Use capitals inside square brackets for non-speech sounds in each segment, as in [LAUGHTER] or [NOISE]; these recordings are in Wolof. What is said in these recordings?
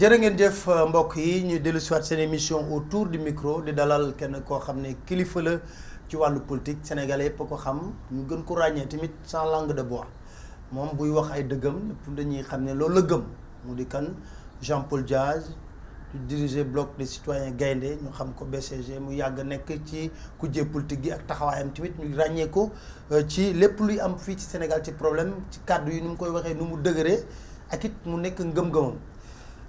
jërë jëf euh, mbokk yi émission autour du micro de dalal qui koo xam kilifa la politique sénégalais nous ko xam ñu gën sans langue de bois moom buy wax ay dëggam dañuy loolu Jean Paul Diaz dirigeant diriger bloc des citoyens Nous ñu xam ko BCG mu yàgg nekk ci politique gi ak ñu ko euh, ci lépp luy am Sénégal problème ci koy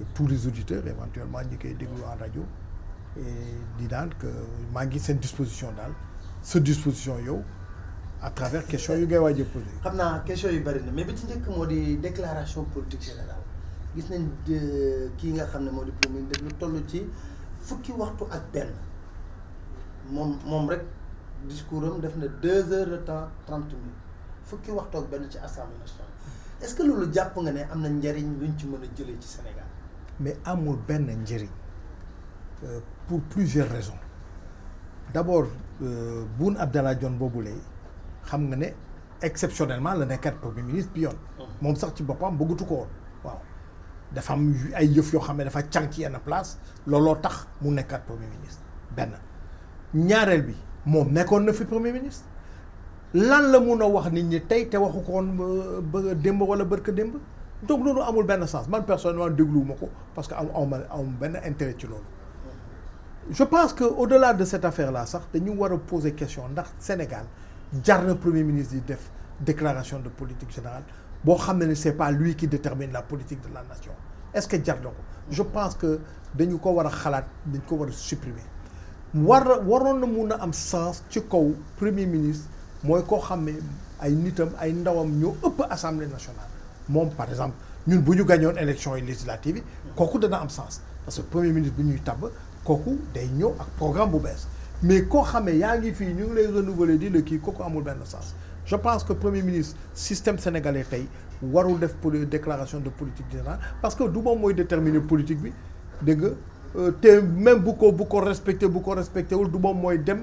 et tous les auditeurs éventuellement ñi koy déglu en radio et daal que mangi cette disposition dal sa disposition yow à travers question yu ngay waaj a posé. question yu bari na mais bi ci njëkk moo déclaration politique générale gis nañ de euh, ki nga xam modi moo di premier def lu tollu ci fukki waxtu ak ben mom mom rek discoursum def na 2 heures de temps 30 minutes fukki waxtu ak ben ci assemblée nationale est-ce que lolu japp nga ne amna na njariñ luñ ci mëna a ci Sénégal mais amul ben njëriñ euh, pour plusieurs raisons d'abord euh, Boun Abdallah Dionne bobule xam nga né exceptionnellement le nekkat premier ministre pion oh. mom sax ci bopam bëggatu ko waaw dafa am ay yëf yo xam dafa ci yenn place lolo tax mu premier ministre ben ñaarel bi mom nekkoon na fi premier ministre lan la mun wax nit ñi tay te waxu ko euh, démb wala bërka démb donc avons le un sens man personnellement parce que am un intérêt je pense quau delà de cette affaire là nous devons poser une poser question Le Sénégal le premier ministre déclaration de politique générale pas lui qui détermine la politique de la nation est-ce que Jarre je pense que nous ko supprimer premier ministre assemblée nationale mon par exemple ñun avons gagné une élection législative beaucoup de dana am sens parce que premier ministre bu ñuy beaucoup kooku day ñëw ak programme bu mais koo xamee yaa ngi fii ñu ngi lay renouveler di la kii amul sens je pense que premier ministre système sénégalais paye warul def déclaration de politique générale parce que d'où moom mooy déterminer politique bi dégg euh, même beaucoup beaucoup respecter respecté beaucoup respecté dem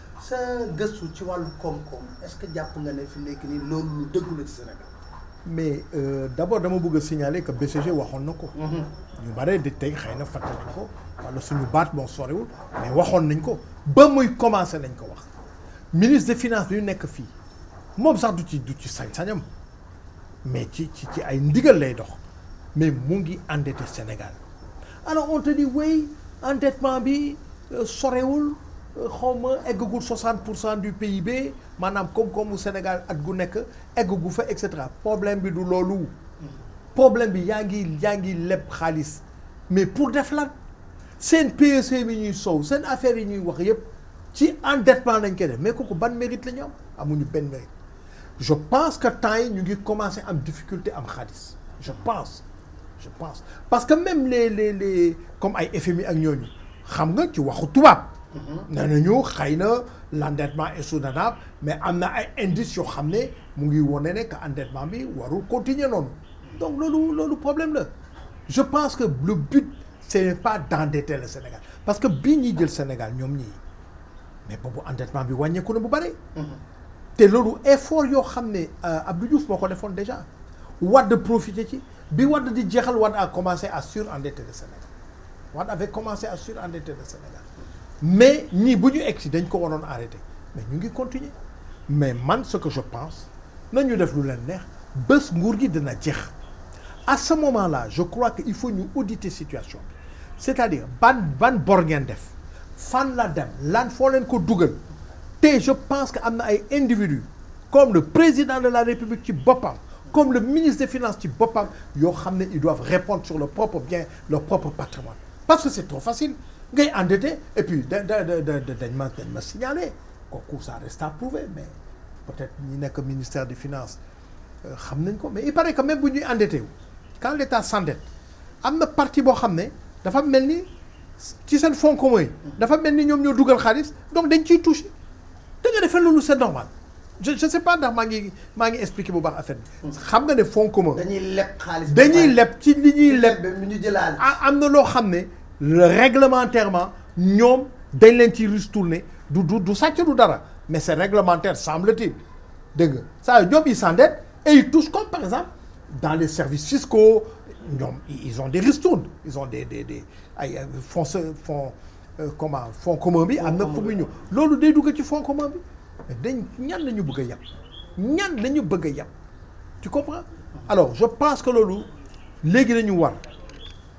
sa gëstu ci walu koom-koom est-ce que jàpp nga ne fi nek ni nii loolu lu dëggu ci Sénégal. mais euh, d'abord dama bëgg signaler que BCG waxon nako ko. Mhm. ñu bare di tey xëy na ko wala suñu baat bon soriwul mais waxon nañ ko ba muy commencer nañ ko wax ministre des finances bi ñu nekk fii moom sax du ci du ci sañ-sañam mais ci ci ci ay ndigal lay dox mais mu ngi endetté Sénégal alors on te dit oui endettement bi euh, sorewul comme ma 60 du PIB comme comme au Sénégal at gu nekk eggagu fa et problème bi du loolu. problème bi yaa ngi yaa ngi mais pour def lan c'est une mi ñuy sow seen affaire yi ñuy wax yépp ci endettement lañ koy mais kooku ban mérite la ñu am amuñu benn mérite. je pense que temps yi ñu ngi commencer am difficulté am xaalis je pense je pense parce que même les les les comme ay FMI ak ñooñu xam nga ci waxu tubaab. Mhm. nee ñu xëy l'endettement est soutenable mais y a ay indices qui xam mu ngi woné ne que endettement bi warul continuer non donc lolu lolu problème la je pense que le but ce n'est pas d'endetter le Sénégal parce que bi ñi jël Sénégal ñom ñi mais bobu endettement bi ko na bu bëri. Mhm. té lolu effort yo xamné euh, Abdou Diouf moko ko déjà wad de profité ci bi wad di jeexal wad a commencé à surendetter le Sénégal Il avait commencé à surendetter le Sénégal mais ni bu pas un accident dañ ko arrêté mais nous, ngi continuer mais man ce que je pense nous devons nous leen neex bés nguur gi à ce moment là je crois qu'il faut nous auditer la situation c'est-à-dire ban ban bor def fan la dem lan foo ko je pense que y a des individus comme le président de la république ci bopam, comme le ministre des finances qui bopam, ils doivent répondre sur leur propre bien leur propre patrimoine parce que c'est trop facile ngay endetté et puis da da dañ ma dañ ma signalé kooku ça reste à prouver mais peut-être ñi nekk ministère des finances euh, xam nañ ko mais il paraît que même bu endetté wu quand l'État s'endette am na partie boo xam ne dafa mel ni ci seen fonds commun yi dafa mel ni ñoom ñoo dugal xaalis donc dañ ciy touché da nga defee loolu c'est normal je je sais pas ndax maa ngi expliquer bu baax affaire bi. nga ne fonds commun. dañuy leb xaalis dañuy leb ci li ñuy leb. ñu jëlaat ah, am na réglementairement nous dañ des ci ristourné du du du mais c'est réglementaire semble-t-il ça ils s'endettent et ils touchent comme par exemple dans les services fiscaux ils ont des ristournes ils ont des des des ils font, fonds euh, comment fonds commun bi am ils font muy ñëw Ils day dugg ci fonds ils font dañ ñan font ñu bëgg a yàpp ñan la bëgg a tu comprends alors je pense que gens, les la war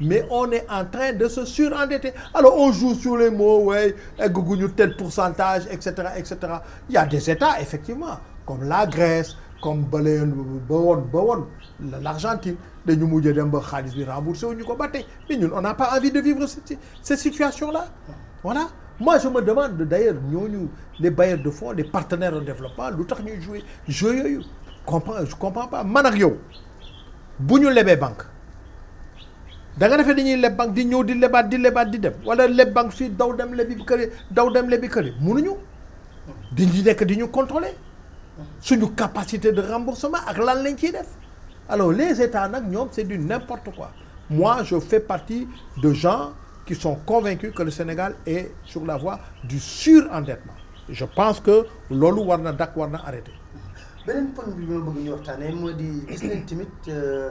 mais on est en train de se surendetter. Alors on joue sur les mots, ouais, eh, tel pourcentage, etc., etc. Il y a des États, effectivement, comme la Grèce, comme l'Argentine, mais nous, on n'a pas envie de vivre cette, situation-là. Voilà. Moi, je me demande d'ailleurs, nous, les bailleurs de fonds, les partenaires en développement, nous nous jouer, je ne comprends, comprends pas. Manario, si nous les banques, da nga defee dañuy leb banque di ñëw di lebaat di lebaat di dem wala leb banque fi daw dem lebi keur daw dem lebi keur mënuñu di nek di ñu contrôler suñu capacité de remboursement ak lan lañ ci def alors les états nak ñom c'est du n'importe quoi moi je fais partie de gens qui sont convaincus que le Sénégal est sur la voie du surendettement je pense que lolu warna na warna arrêter benen point bi ma bëgg ñu waxtaanee moo di gis timit euh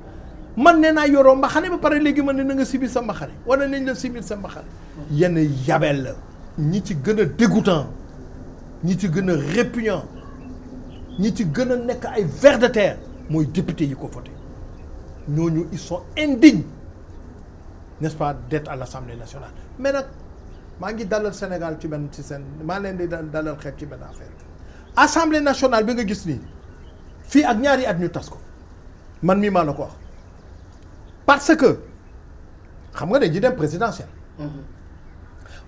man neena yoro mbaxane ba pare léegi man na nga sibil sa mbaxane wala nañ la sibil sa mbaxane yenn yabel la ñi ci gën dégoûtant ñi ci gën répugnant ñi ci gën nek ay vers de terre moy député yi ko voté ñooñu ils sont indignes n'est-ce pas d'être à l'Assemblée nationale mais nak ma ngi dalal Sénégal ci ben ci sen ma len di dalal xet ci ben affaire Assemblée nationale bi nga gis ni fi ak ñaari at ñu tas ko man mi maa la ko wax parce que xam nga dañuy dem présidentiel. Mhm.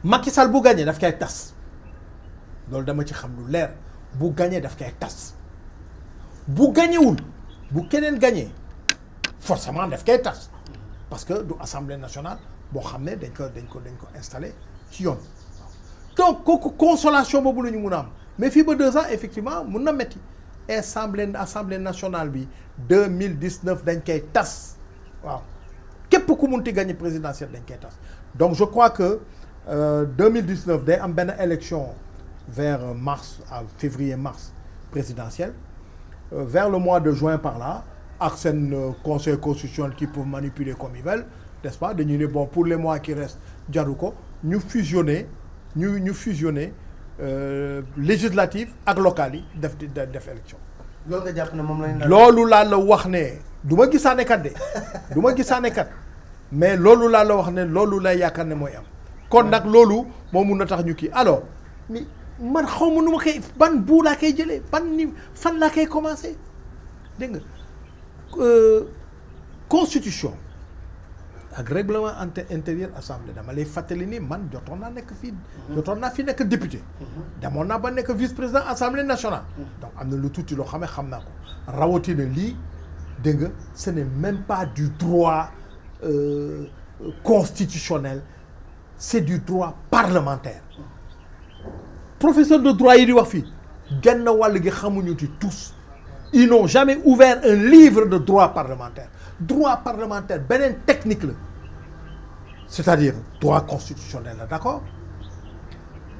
Macky Sall bu gagné daf koy tas loolu dama ci xam lu leer bu gagné daf koy tas bu gagnewul bu keneen gagné forcément daf koy tas parce que du assemblée nationale boo xam ne dañ ko dañ ko dañ ko installé ci yoon. donc consolation boobu la ñu mun mais fii ba deux ans effectivement mun na metti assemblée assemblée nationale bi 2019 mille dix neuf dañ qu'est-ce ku munti gagné présidentielle dañ donc je crois que 2019, 2019 y a une élection vers euh, mars à février mars présidentielle euh, vers le mois de juin par là Arsène euh, conseil constitutionnel qui peut manipuler comme ils veulent n'est-ce pas bon pour les mois qui restent nous nous fusionner nous fusionner euh, législative ak locale du ma kat de du ma kat mais lolou la la wax ne lolou lay yakane moy am kon nag lolou mo mun na tax ñu ki alors mais man xawmu numa kay ban bou la kay jëlee ban ni fan la kay commencé dégg nga euh, constitution ak règlement intérieur assemblée dama lay fàttali ni man jotona n'a nekk fii. jotoon n'a fi nek député. dama n'a ba nek vice président assemblée nationale. Mmh. donc am na lu tuuti loo xam ne xam naa ko ce n'est même pas du droit euh, constitutionnel c'est du droit parlementaire professeur de droit yi di wax tous ils n'ont jamais ouvert un livre de droit parlementaire droit parlementaire une technique c'est-à-dire droit constitutionnel d'accord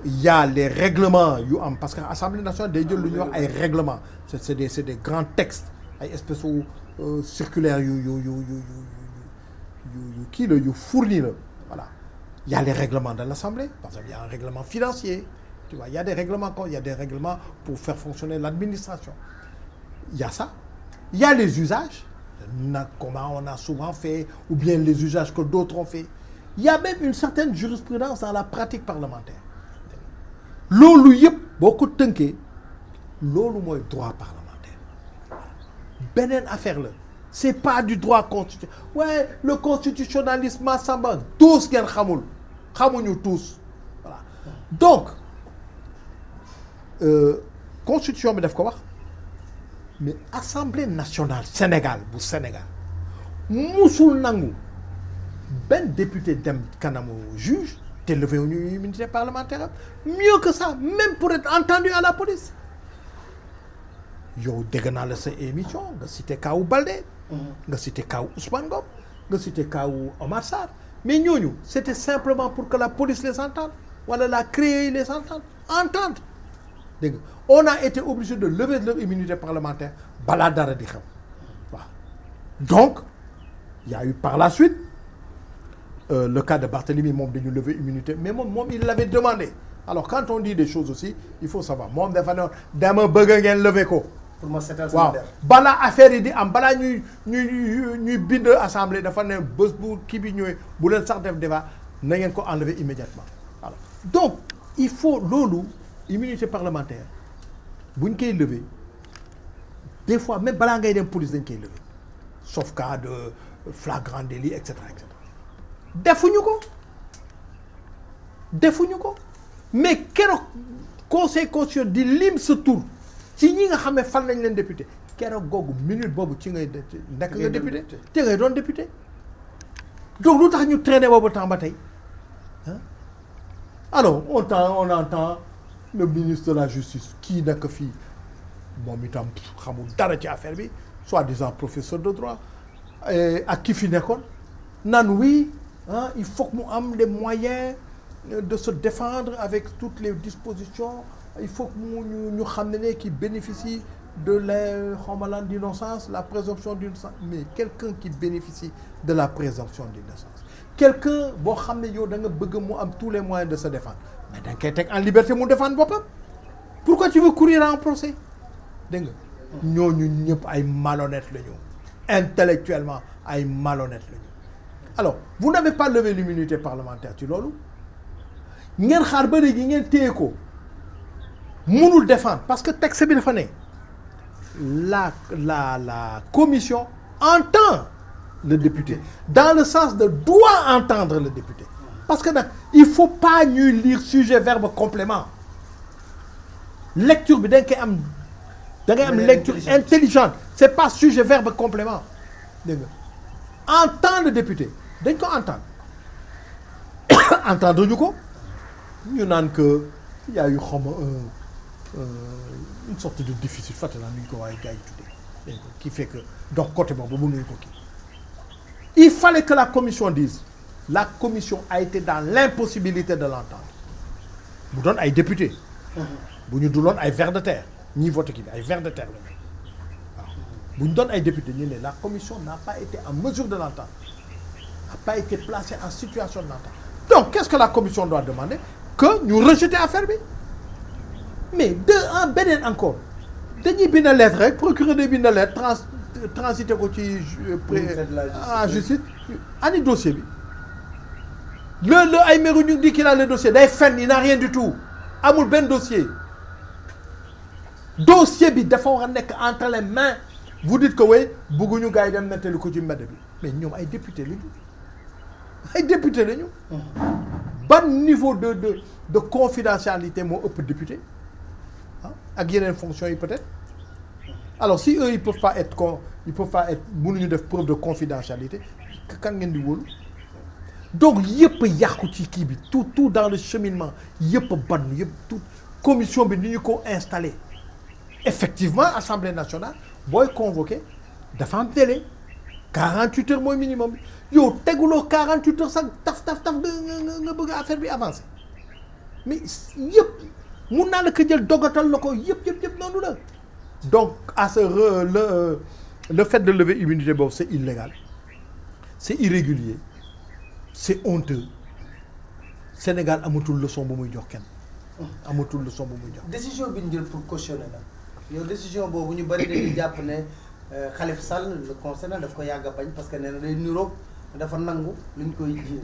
il y a les règlements parce que assemblée nationale day jël a des règlements c'est des grands textes euh, circulaire qui le fournit. il y a les règlements de l'Assemblée par il y a un règlement financier tu vois il y a des règlements il y a des règlements pour faire fonctionner l'administration il y a ça il y a les usages comment on a souvent fait ou bien les usages que d'autres ont fait il y a même une certaine jurisprudence dans la pratique parlementaire loolu beaucoup de tanké, l'eau c'est le droit parlementaire benen affaire la c'est pas du droit constitutionnel ouais le constitutionnalisme Massamba tous le xamul xamuñu tous donc euh, constitution bi def mais assemblée nationale Sénégal pour Sénégal musul Nangou, ben député dem kanamou juge te levé wu immunité parlementaire mieux que ça même pour être entendu à la police yow dégg naa la sa émission nga cité kaawu Balde. Mhm. nga cité kaawu Ousmane gom nga cité Kaou Omar Sarr mais nous, c'était simplement pour que la police les entende wala la créer les entende entende on a été obligé de lever leur immunité parlementaire Baladar. dara di y a eu par la suite euh, le cas de Barthélemy moom dañu lever immunité mais il l'avait demandé alors quand on dit des choses aussi il faut savoir moom dafa ne dama bëgg ngeen lever ko pour ma affaire yi di am nu, ñuy ñuy ñuy bind assemblée dafa né bés bu kii bi ñëwee bu leen sax def débat na ngeen ko enlever immédiatement voilà donc il faut lolu immunité parlementaire buñ koy lever des fois même bala ngay dem police dañ koy lever sauf cas de euh, flagrant délit etc., etc. et cetera defuñu ko defuñu ko mais keroog conseil constitutionnel di lim sa tour ci ñi nga xamé fan lañ leen député kéro gogou minute bobu ci ngay nga député té ngay député donc lu tax ñu traîner bobu temps ba hein? alors on entend on entend le ministre de la justice kii nekk bon moom tam xamul dara ci affaire bi soi-disant professeur de droit et à qui fi nekkoon Nan oui hein, il faut que mu am les moyens de se défendre avec toutes les dispositions il faut que nous nous, qui bénéficie de la la présomption d'innocence mais quelqu'un qui bénéficie de la présomption d'innocence quelqu'un qui a tous les moyens de se défendre mais d'un en liberté mon défendre pourquoi tu veux courir en un procès Nous sommes malhonnêtes Intellectuellement, intellectuellement ay malhonnêtes alors vous n'avez pas levé l'immunité parlementaire tu l'as sommes xaar train de faire des nous défendre parce que texte est bien la commission entend le député dans le sens de doit entendre le député parce que ne il faut pas nu lire sujet verbe complément lecture intelligente. Ce lecture intelligente c'est pas sujet verbe complément entend le député qu'on ko entendre [COUGHS] entendre ñu ko ñu que euh, une sorte de déficit qui fait que donc côté il fallait que la commission dise la commission a été dans l'impossibilité de l'entendre Vous donnez à député députés. Vous donnez ay de terre de terre Vous donnez à la commission n'a pas été en mesure de l'entendre n'a pas été placée en situation de l'entendre donc qu'est-ce que la commission doit demander que nous rejeter affaire mais deux un beneen encore dañuy bind lettre procureur de bind lettre trans transité ko ci. je euh, ah, justice ani dossier bi. le le ay qu'il dit qu'il a le dossier day il n'a rien du tout Amoul ben dossier dossier bi dafa a entre les mains vous dites que oui bëgguñu gars le dem nettali ko ci mais nous ay député nous. ay député lañu hum. Bon niveau de de de confidentialité pour au député guérir une fonction peut-être alors si eux ils peuvent pas être con ils peuvent pas être preuve de confidentialité donc y peut tout dans le cheminement y a ban toute commission bi effectivement assemblée nationale boy convoqué de 48 heures minimum Yo 48 heures sax taf taf taf mais mun naa la ko jël dogatal la ko yëpp yëpp yëpp la donc à ce le euh, le fait de lever immunité boobu c'est illégal c'est irrégulier c'est honteux Sénégal amatul leçon bu muy jox kenn amatul leçon bu muy jox. décision bi ñu jël pour cautionner la yow décision boobu ñu bari dañuy jàpp ne euh, Khalifa Sall le concernant daf ko yàgg a bañ parce que nee na day niroog dafa nangu luñ koy jiine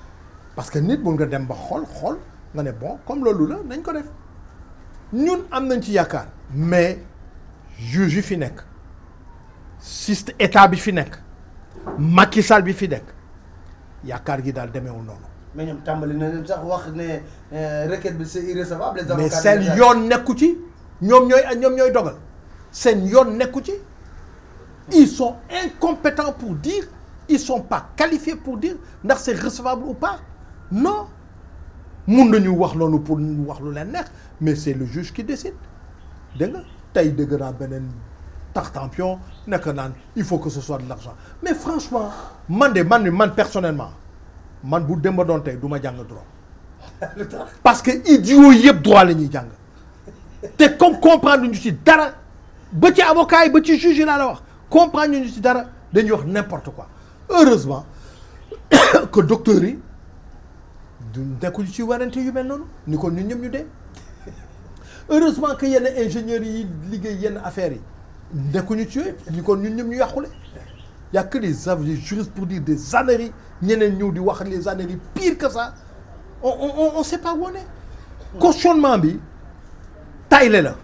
parce que nit mun nga dem ba xol xol nga ne bon comme loolu la nañ ko def ñun am nañ ci yakar mais juge fi nek siste état bi fi nek Macky Sall bi fi nek yakar gi daal demeewul noonu. mais ñoom tàmbali na leen sax wax ne euh, requête bi c'est irrecevable. les avocats mais sen yoon nekku ci ñom ñoy ñom ñoy dogal sen yoon nekku ci ils sont incompétents pour dire ils sont pas qualifiés pour dire ndax c'est recevable ou pas non mun nañu wax loolu pour wax lu mais c'est le juge qui décide dégg nga de dëgg naa beneen tartampion nekk il faut que ce soit de l'argent mais franchement man de man man personnellement man bu démb doon tey du ma jàng droit [LAUGHS] parce que idiot yep droit la ñuy jàng te comme comprendre ñu ci dara ba avocat yi juge yi laa la wax comprendre ñu ci dara dañuy wax n'importe quoi heureusement [COUGHS] que docteur du nekkul ci warante yu mel noonu ni ko ñun ñëpp ñu dee heureusement que yenn ingénieurs yi liggéey yenn affaires yi nekkuñu ci yooyu ni ko ñun ñëpp ñu yàqule y a que des avis des juristes pour dire des âneries ñeneen ñëw di wax les âneries pire que ça on on on on sait pas où on est cautionnement bi tayle la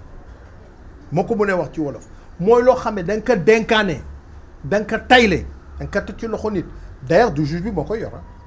moo ko mënee wax ci wolof mooy loo xam ne da nga ko dénkaane da nga ko tayle da nga ko ci loxo nit d'ailleurs du juge bi moo koy yor ah.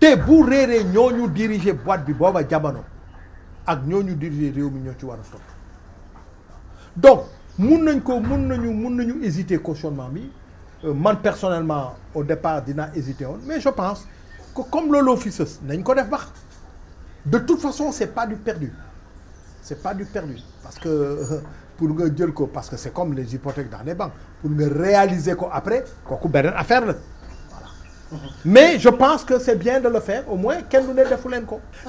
te pour réeree nous diriger boîte bi Boba jamono ak nous dirigé diriger ñoo ci donc nous nañ ko à nañu hésiter cautionnement bi euh, personnellement au départ hésité, hésiter mais je pense que comme le fi nous nañ ko de toute façon ce n'est pas du perdu Ce n'est pas du perdu parce que [LAUGHS] pour parce que c'est comme les hypothèques dans les banques pour nous réaliser qu'après après kooku une affaire Mhm. mais je pense que c'est bien de le faire au moins kenn du ne defu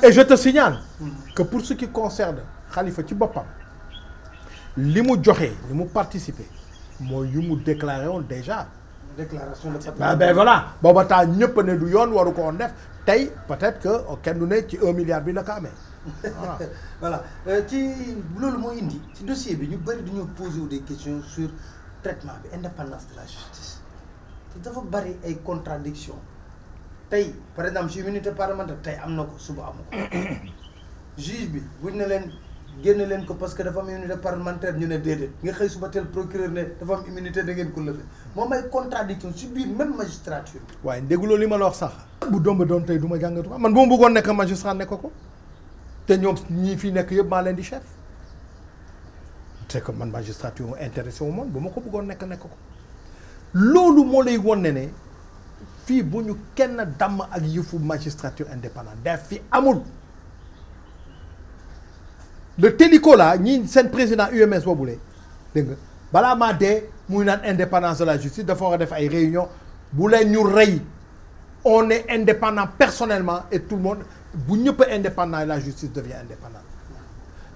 et je te signale. que pour ce qui concerne Khalifa ci boppam li mu joxe li mu participer moi yu mu déclaré déjà. déclaration de patrimoine. Ah ben voilà booba taa ne du yoon waru ko def tey peut-être que kenn du ne ci un milliard bi la Voilà. [LAUGHS] voilà euh, ci loolu moo indi ci dossier bi ñu bëri dañoo poser des questions sur traitement bi indépendance de la justice te dafa bari ay contradiction tey par exemple si immunité parlementaire tey am na ko suba amu [COUGHS] juge bi buñ ne leen génne leen ko parce que dafa am immunité parlementaire ñu ne déedéet nga xëy suba teel procureur ne dafa am immunité da ngeen ko lëfe moom ay contradiction si biir même magistrature bi waaye dégguloo li ma la wax sax bu domba doon tey du ma jàngatu man bu ma bëggoon nekk magistrat nekk ko te ñoom ñii fii nekk yëpp maa leen di chef te que man magistrature intéressé wu moon bu ma ko bëggoon nekk nekk ko lolu moo lay won ne ne fii kenn dam ak yëfu magistrature indépendante da fi amul le Télico Le ñi sen président UMS boobule dégg nga balaa ma dé muy une indépendance de la justice il war def ay réunion bu leen ñu rey on est indépendant personnellement et tout le monde bu ñëpp indépendant la justice devient indépendante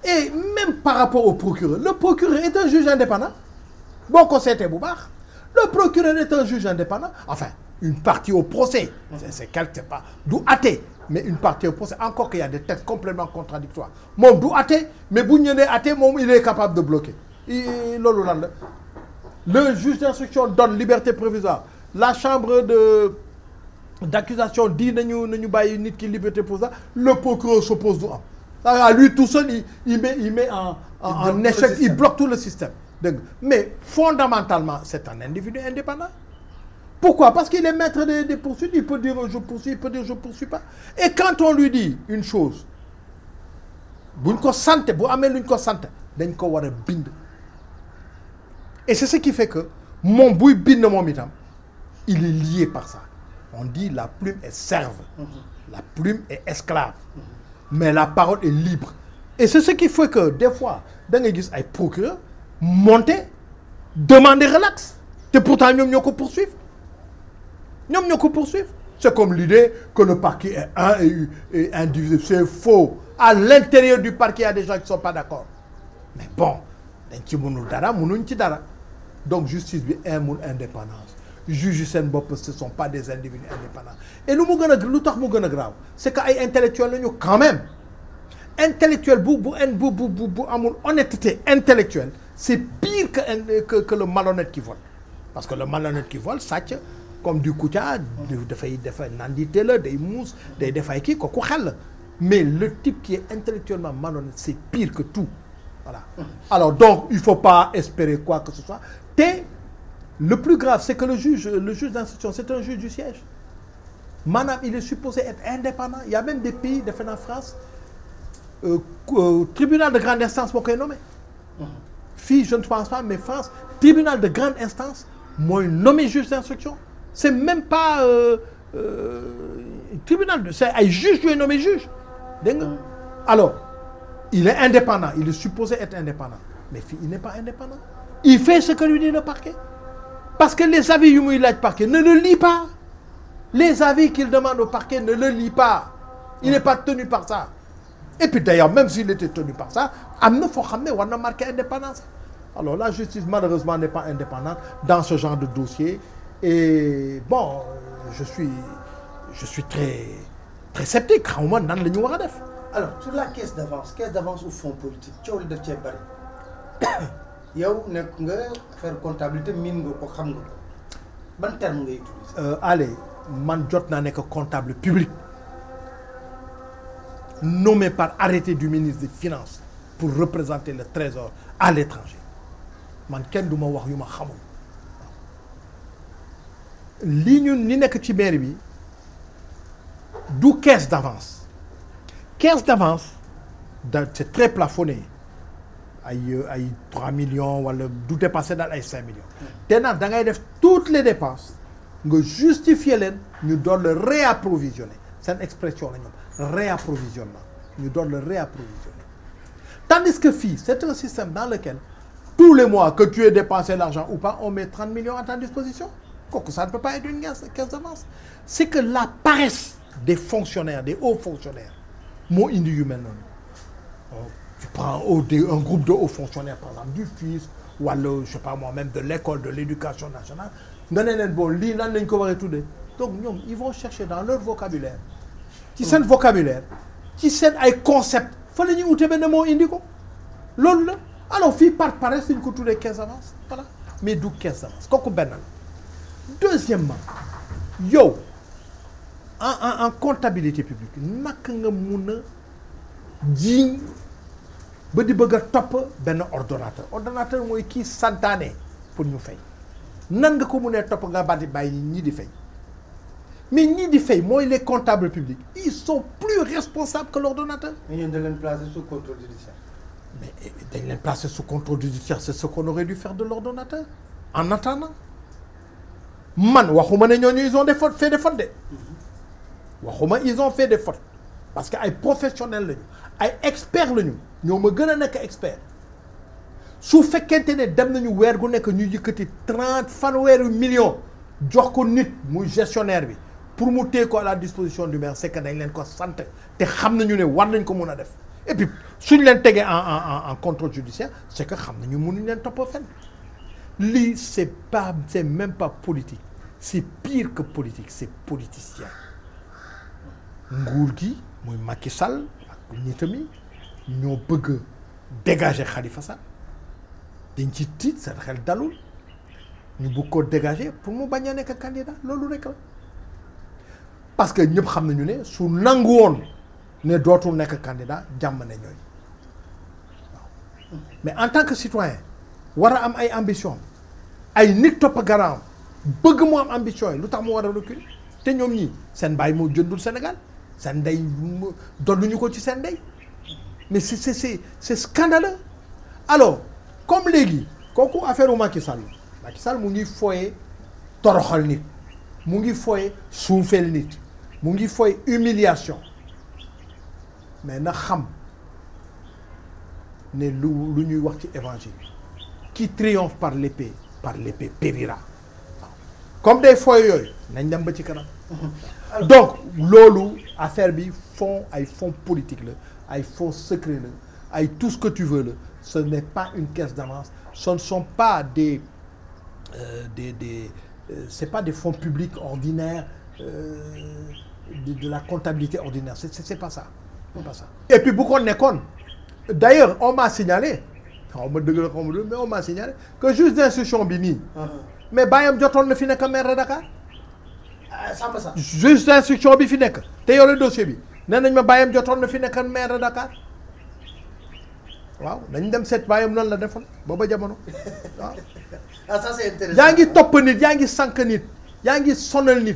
et même par rapport au procureur le procureur est un juge indépendant Bon ko était bu le procureur est un juge indépendant. Enfin, une partie au procès. C'est quelque pas D'où athée. Mais une partie au procès. Encore qu'il y a des textes complètement contradictoires. Mon d'où athée. Mais Bougnéné athée, mon, il est capable de bloquer. le juge d'instruction donne liberté provisoire. La chambre de d'accusation dit nañu nous bàyyi nit liberté provisoire. le procureur s'oppose à lui tout seul il, met en échec il bloque tout le système mais fondamentalement c'est un individu indépendant pourquoi parce qu'il est maître des poursuites il peut dire je poursuis il peut dire je ne poursuis pas et quand on lui dit une chose buñ ko bu une luñ ko dañ ko et c'est ce qui fait que mon bouille bind mon il est lié par ça on dit la plume est serve la plume est esclave mais la parole est libre et c'est ce qui fait que des fois dans l'Église, il ay procureur monter demander relax et pourtant nous peuvent pas poursuivre Nous peuvent pas poursuivre c'est comme l'idée que le parquet est un et indivisible c'est faux à l'intérieur du parquet il y a des gens qui ne sont pas d'accord mais bon dañ ci mënul dara mënuñ donc justice bi monde indépendance juge ne ce sont pas des individus indépendants et nous, qui est grave c'est que ay intellectuels quand même intellectuel honnêteté intellectuelle c'est pire que, le malhonnête qui vole. Parce que le malhonnête qui vole, ça comme du Koutia, il fait Nanditele, des mousses, des défaillés, Mais le type qui est intellectuellement malhonnête, c'est pire que tout. Voilà. Alors donc, il ne faut pas espérer quoi que ce soit. le plus grave, c'est que le juge, le juge d'instruction, c'est un juge du siège. Madame, il est supposé être indépendant. Il y a même des pays, des faits en France, euh, euh, tribunal de grande instance, pour qu'il nommé. Fille, je ne pense pas mais France tribunal de grande instance moi, nommé juge d'instruction c'est même pas euh, euh, tribunal de c'est un juge un nommé juge alors il est indépendant il est supposé être indépendant mais fille, il n'est pas indépendant il fait ce que lui dit le parquet parce que les avis qu'il parquet ne le lit pas les avis qu'il demande au parquet ne le lit pas il n'est pas tenu par ça et puis d'ailleurs, même s'il était tenu par ça, Amna Fokhamne, on a marqué indépendance. Alors la justice, malheureusement, n'est pas indépendante dans ce genre de dossier. Et bon, euh, je suis, je suis très, très sceptique. Alors, sur la caisse d'avance, caisse d'avance ou fonds politique, tu as le dossier barré. yow nekk nga faire comptabilité mine nga ko xam nga ban terme as-tu utilisé euh, allez man jot suis comptable public nommé par arrêté du ministre des Finances pour représenter le Trésor à l'étranger Je ne sais ma ce que ma li ñun caisse d'avance caisse d'avance c'est très plafonné y a 3 millions wala y dépasser 5 millions Maintenant, da toutes les dépenses nga justifier les nous les le réapprovisionner une expression réapprovisionnement nous donne le réapprovisionnement. tandis que FI, c'est un système dans lequel tous les mois que tu aies dépensé l'argent ou pas on met 30 millions à ta disposition que ça ne peut pas être une caisse d'avance c'est que la paresse des fonctionnaires des hauts fonctionnaires mon inhumain. Euh, tu prends un groupe de hauts fonctionnaires par exemple du ou alors, je sais pas moi même de l'école de l'éducation nationale donc ils vont chercher dans leur vocabulaire ci le vocabulaire ci sen ay concept fa faut que ben benn indiko lolou alors si par paresse suñ ko 15 voilà mais du 15 avances, ben deuxièmement en en comptabilité publique nak nga mun di bëgg top pour nous. fay nan nga nga di fay mais ni di fay les comptables publics ils sont plus responsables que l'ordonnateur mais ils ont placer sous contrôle judiciaire. mais eh, ils les placer sous contrôle judiciaire c'est ce qu'on aurait dû faire de l'ordonnateur en attendant man waxuma ne ils ont des fautes fait des fautes pas mm-hmm. waxuma ils ont fait des fautes parce que sont professionnels Ils experts Ils sont experts. Si vous expert su fekkente ne dem nañu weer millions jox ko nit gestionnaire pour mu téye à la disposition du maire c'est que dañ leen ko sant te xam nañu war nañ def et puis suñ leen tegee en en en contrôle judiciaire c'est que sait nañu mënuñ leen toppoo fenn lii c'est pas c'est même pas politique c'est pire que politique c'est politicien nguur gi muy Macky Sall ak ñoo bëgg dégager Khalifa Sall dañ ci tiit seen xel dalul ñu bëgg dégager pour mu bañ a nekk candidat loolu rek la parce que ñëpp xam nañu ne su nangu woon ne dootul nekk candidat jàmm ne ñooy mais en tant que citoyen wara a am ay ambition ay nit topp garaam bëgg mu am ambition yi lu tax mu war a reculer te ñoom ñii seen bàyyi moo jëndul Sénégal seen ndey dolluñu ko ci seen ndey mais c'est c'est c'est scandaleux alors comme léegi kooku affaire u Macky Sall Macky Sall mu ngi fooyee toroxal nit mu ngi fooyee suufeel nit mungi faut humiliation mais na xam que lu lu ñuy évangile qui triomphe par l'épée par l'épée périra comme des foyers. nañ donc l'eau affaire bi fond ay fonds politique ils ay fonds secret tout ce que tu veux ce n'est pas une caisse d'avance ce ne sont pas des euh, des des euh, c'est pas des fonds publics ordinaires euh, de, de la comptabilité ordinaire. C'est pas ça. pas ça. Et puis, beaucoup de D'ailleurs, on m'a signalé, mais on m'a signalé que juste d'instruction bini. Ah. Mais Bayam Joton ne finit que maire de Dakar. Ah, juste d'instruction bi finit que. T'es le dossier bi. Nous avons Bayam Joton ne finit que maire de Dakar. waaw nañ dem seet Bayam non la defoon booba jamono [LAUGHS] ah ça c'est intéressant yaa top topp nit yaa ngi sànq nit yaa sonal nit.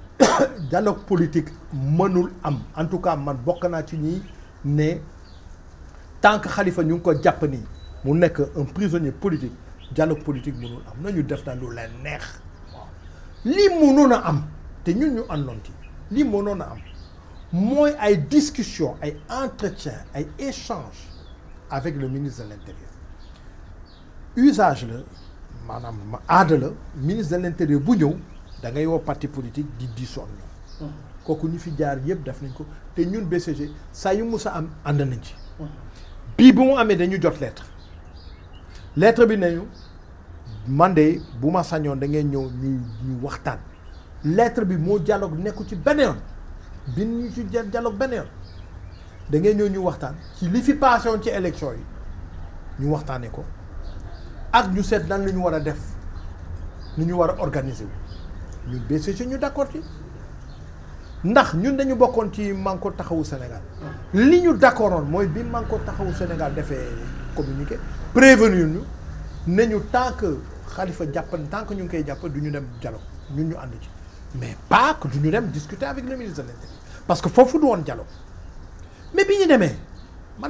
[COUGHS] dialogue politique mënul am en tout cas man bokk naa ci ñi ne tant que Khalifa ñu ngi ko jàpp nii mu nekk un prisonnier politique dialogue politique mënul am nañu def daal lu neex li mënoon a am te ñun ñu li mënoon a am mooy ay discussion ay entretien ay échange avec le ministre de l'intérieur usage la maanaam ma ministre de l'intérieur bu ñëw da ngay parti politique di diisoo ak ñu fi jaar yépp def nañ ko té ñun BCG saa yu mus am ànd nañ ci jot lettre lettre bi nañu man de bu ma nous, da ngay ñu waxtaan lettre bi mo dialogue nekku ci benen bin ñu ci dialogue da ñu waxtaan ci ci élection yi ñu ko ak ñu def ñu organiser nous BCG ñu d'accord ci ndax ñun dañu d'accord. ci Manko taxawu Sénégal li ñu nous sommes bi Manko taxawu Sénégal Nous communiqué prévenir nous, sommes ñu tant que Khalifa Nous tant que nous sommes koy Nous du ñu dem dialogue ñun ñu mais pas que nous ñu dem discuter avec le ministre de l'Intérieur parce que fofu du dialogue mais bi ñu man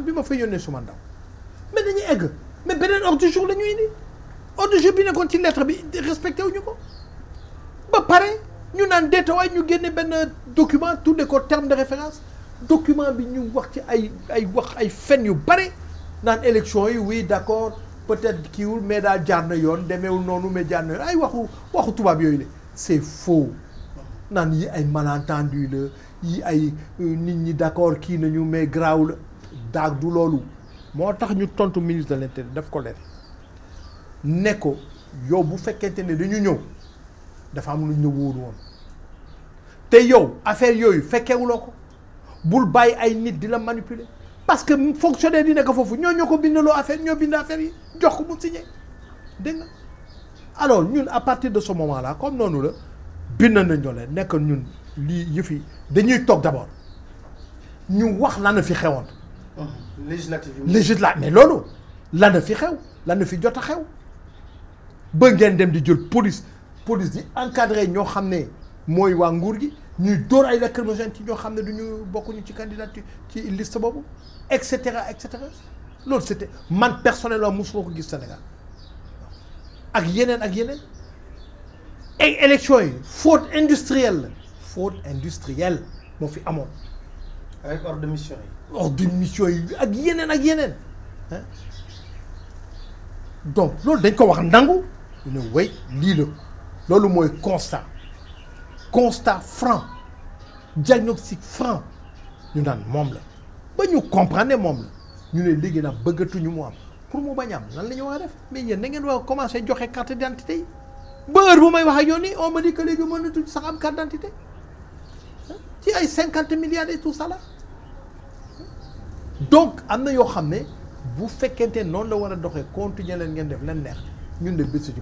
d'accord. fa mais mais ordre du jour du jour lettre respecté ba pare ñu naan way ñu génne benn document tudde ko terme de référence document bi ñu wax ci ay ay wax ay fen yu bare naan élection yi oui d'accord peut-être kiiwul mais da jaar na yoon demeewul noonu mais jaar na ay waxu waxu tubaab yoy la c'est faux naan yi ay malentendu le yi ay euh, nit ñi d'accord ki nañu mais garaaw la daag du lolu motax ñu tontu ministre de l'intérieur daf ko lér ne ko yow bu fekkente ne dañu ñëw dafa am lu ñu wóoru woon te yow affaire yooyu fekkewuloo ko bul bàyyi ay nit di la manipuler parce que fonctionnaire yi nekk foofu ñoo ñoo ko bindaloo affaire ñoo bind affaire yi jox ko mu signé dégg nga alors ñun à partir de ce moment là comme noonu la bind nañu le nekk ñun lii yëfi dañuy toog d' abord ñu wax lan la fi xewoon. législative législative mais loolu lan la fi xew lan la fi jot a xew ba ngeen dem di jël police police di encadré ñoo xam ne mooy waa nguur gi ñuy dóor ay lacrymogène ci ño xamné duñu bokku ñu ci candidature ci liste bobu et cetera et cetera c'était man personnellement mosuma ko gis Sénégal ak yenen ak yenen ay élection faute industrielle faute industrielle mo fi amone avec ordre de mission yi. ordre de mission yi ak yenen ak yenen hein? donc lool dañ ko wax nangu ñu way lii mot est constat constat franc diagnostic franc nous sommes des la Nous comprenons comprendre membres. Nous sommes pour mais na ngeen carte d'identité Si je bu on carte d'identité y a 50 milliards de tout ça là donc à vous yoo xam vous bu fekkente noonu la war a doxee de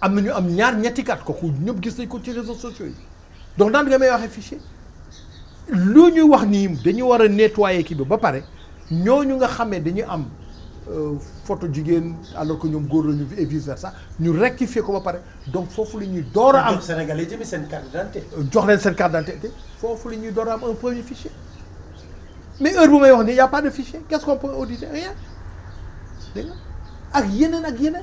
am nañu am ñaar ñetti kat ko ku ñëpp gis nañ ko ci réseaux sociaux yi donc daan nga may waxee fichier lu ñuy wax ni dañu war a nettoyer kii bi ba pare ñooñu nga xamé dañu am euh, photo jigéen alors que ñoom góor lañu ñu et vice versa ñu rectifier ko ba pare donc foofu la ñuy door a am Sénégalais jëmi seen carte d'identité jox leen seen carte d'identité foofu la ñuy door a am un premier fichier mais heure bu may wax nii y a pas de fichier qu'est-ce qu'on peut auditer rien dégg nga ak yeneen ak yeneen